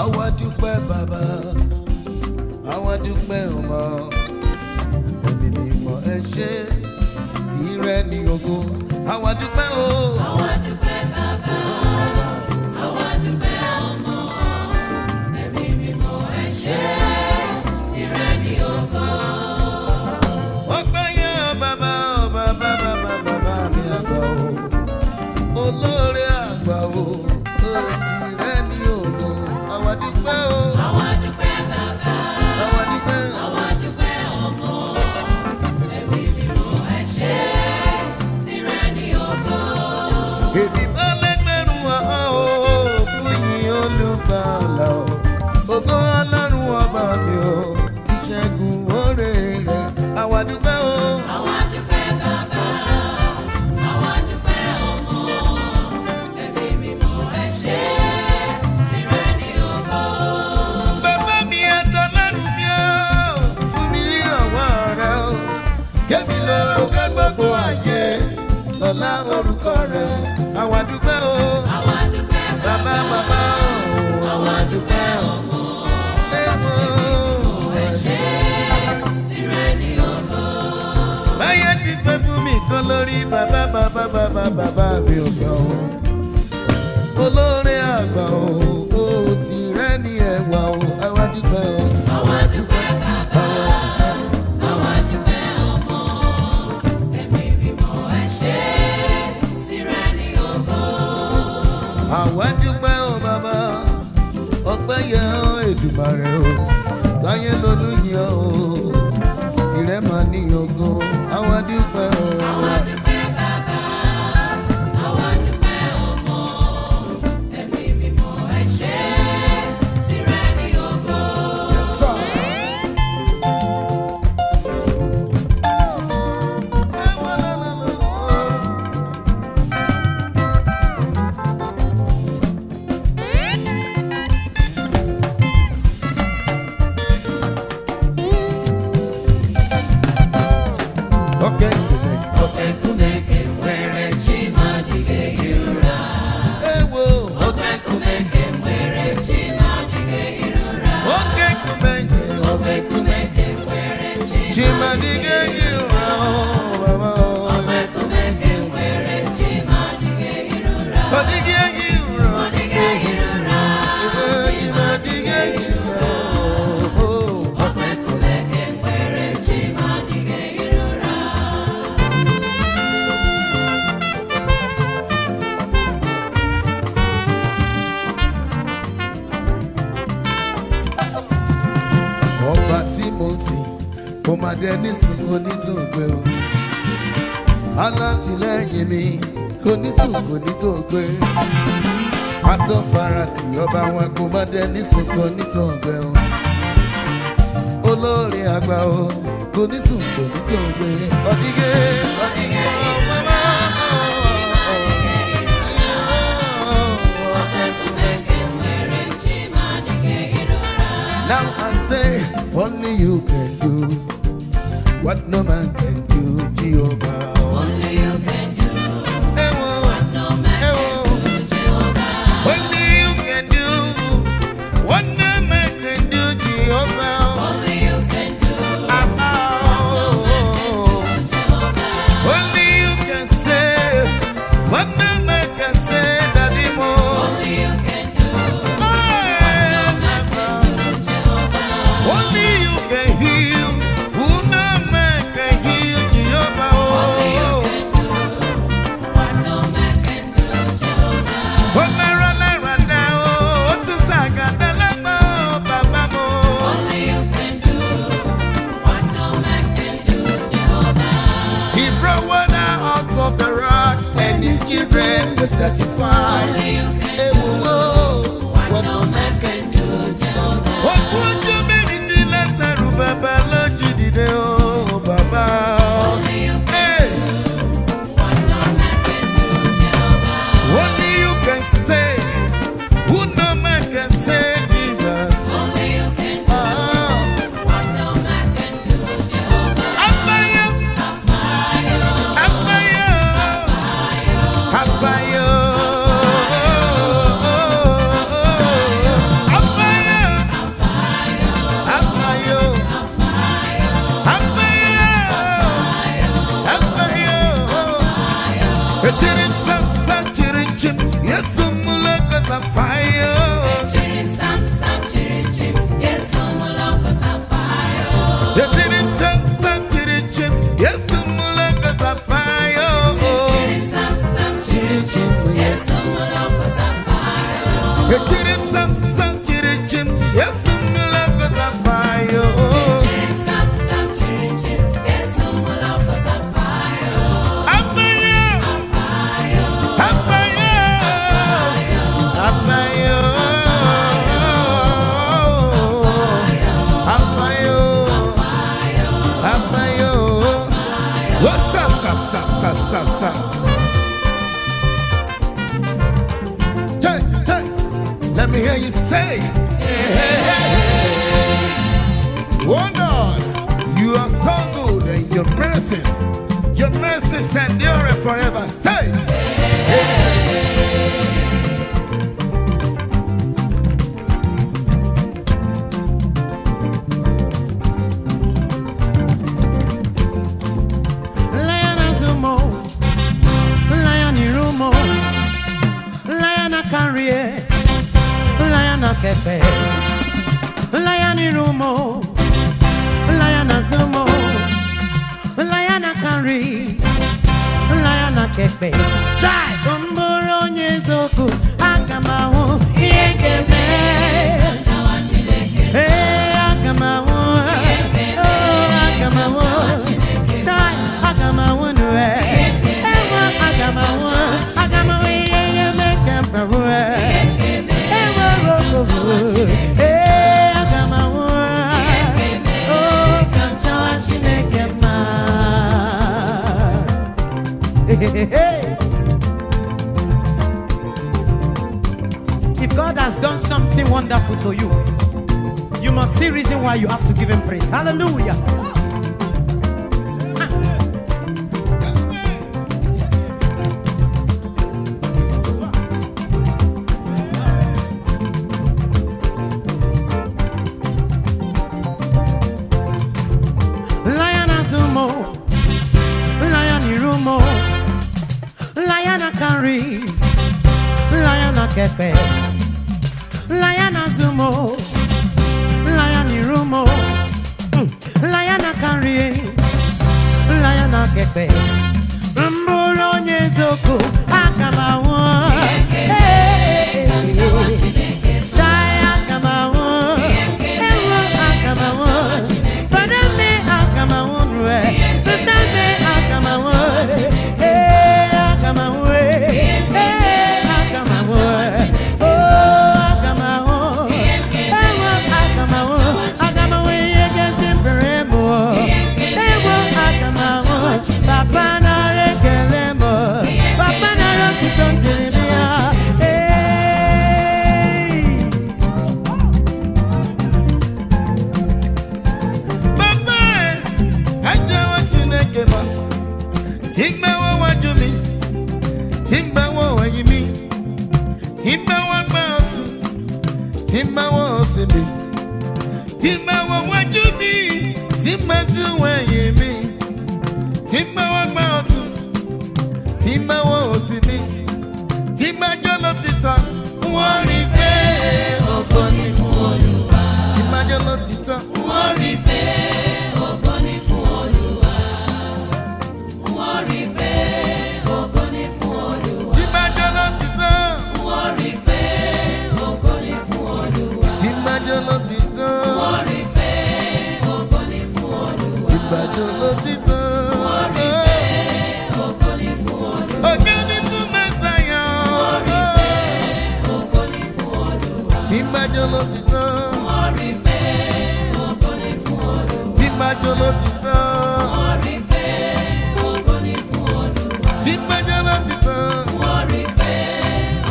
àwa dúpẹ́ bàbá àwa dúpẹ́ ọmọ ẹ̀mí mímọ́ ẹ ṣé tìrẹ ni ògo àwa dúpẹ́ o. àwa dúpẹ́. orúkọ rẹ àwa dúpẹ́ o bàbá bàbá o àwa dúpẹ́ ọmọ ẹ ṣé tìrẹ ni ògo. báyẹn ti pẹ́ fún mi kan lórí bàbá bàbá bàbá bàbá mi ò gbọ́ o. Olódùmarè o táyé lolúyìn o tìrẹ mà ní ògo àwa dúpẹ́ o. mi kò ní sùn kò ní tó gbé pátó tí ọba wa kò bá dé ní sùn kò ní tó gbé o àgbà o kò ní sùn kò ní tó gbé ọdígé ọdígé ọmọ máa. Now I say, only you can do what no man can do, Jehovah. Hey! hey. reason why you have to give him praise. Hallelujah. Lion a carry, lion a kepe. jọ́nà ti tán. wọ́n rí pé ògo ni fún Olúwa. tí pẹ́ jọ́nà ti tán. wọ́n pé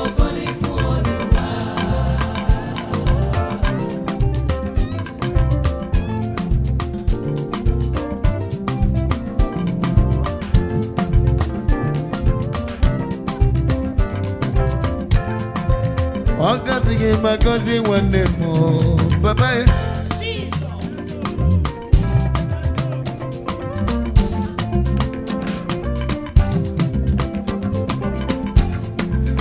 ògo ni fún Olúwa. Ọ gọzighị ma gọzie nwanne m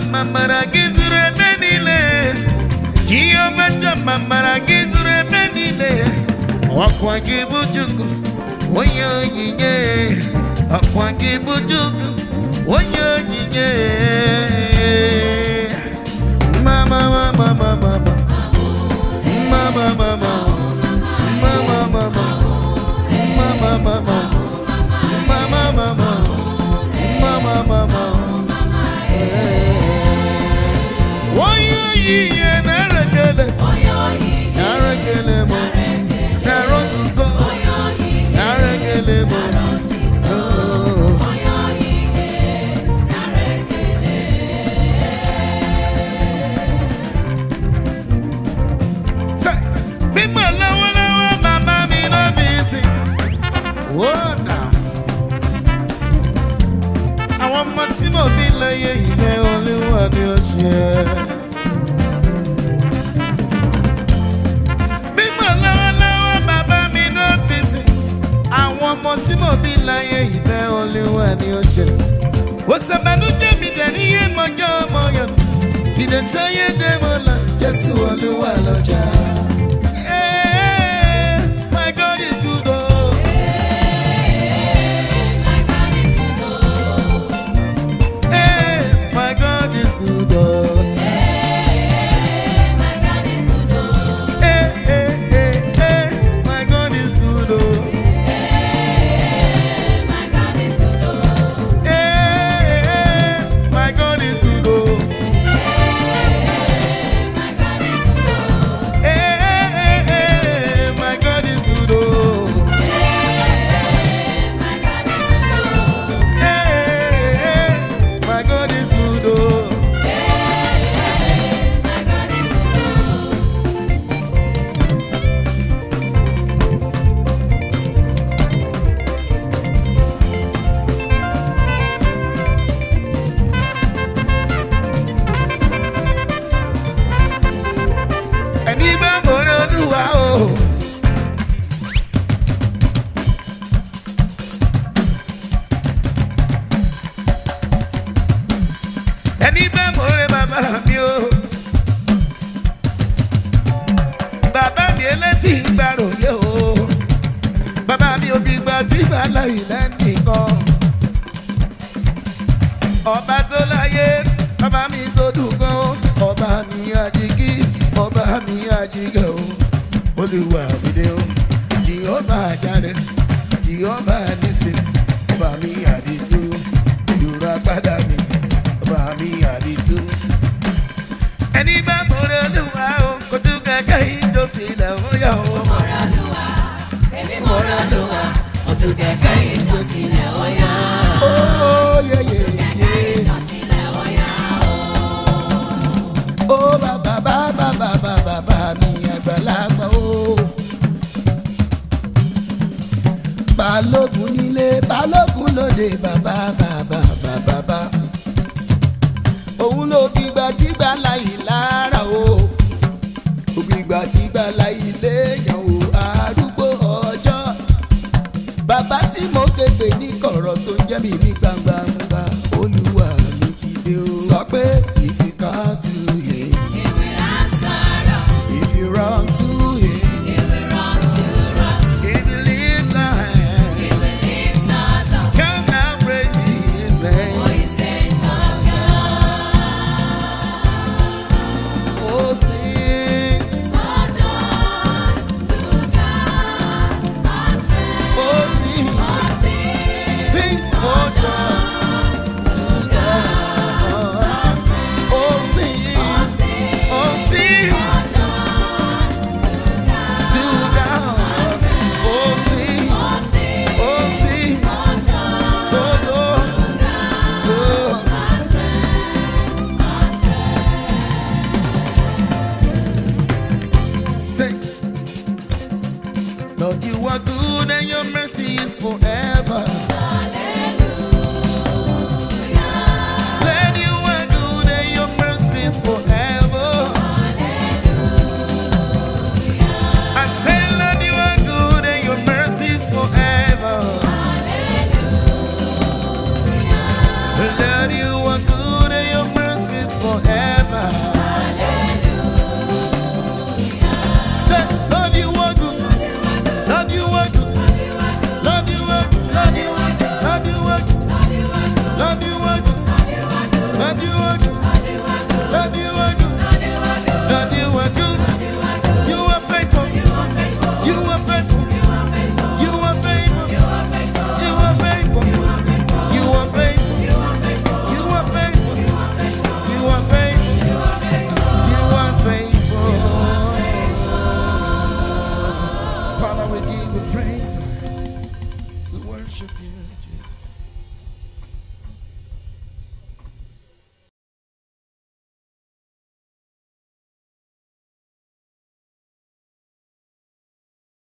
gizure mamaragizu remenile Jehova cha gizure remenile Wakwa gibu jugu Oyo nyinye Wakwa gibu jugu Oyo nyinye ẹni bẹ́ẹ̀ mo rẹ bàbá mi o. bàbá mi elétí gbàròyé o. bàbá mi ògbìgbà tí bá lọ ilẹ̀ nìkan. ọba tó láyé bàbá mi tó dùn gan o. ọba mi àjìgí ọba mi àjìgẹ o. olùwà òde o. jìyọ́ bá a jáde jìyọ́ bá a ní. together. ọ̀rọ̀ tó ń jẹ́ mi ní gbangba olúwa mi ti dé o. sọ pé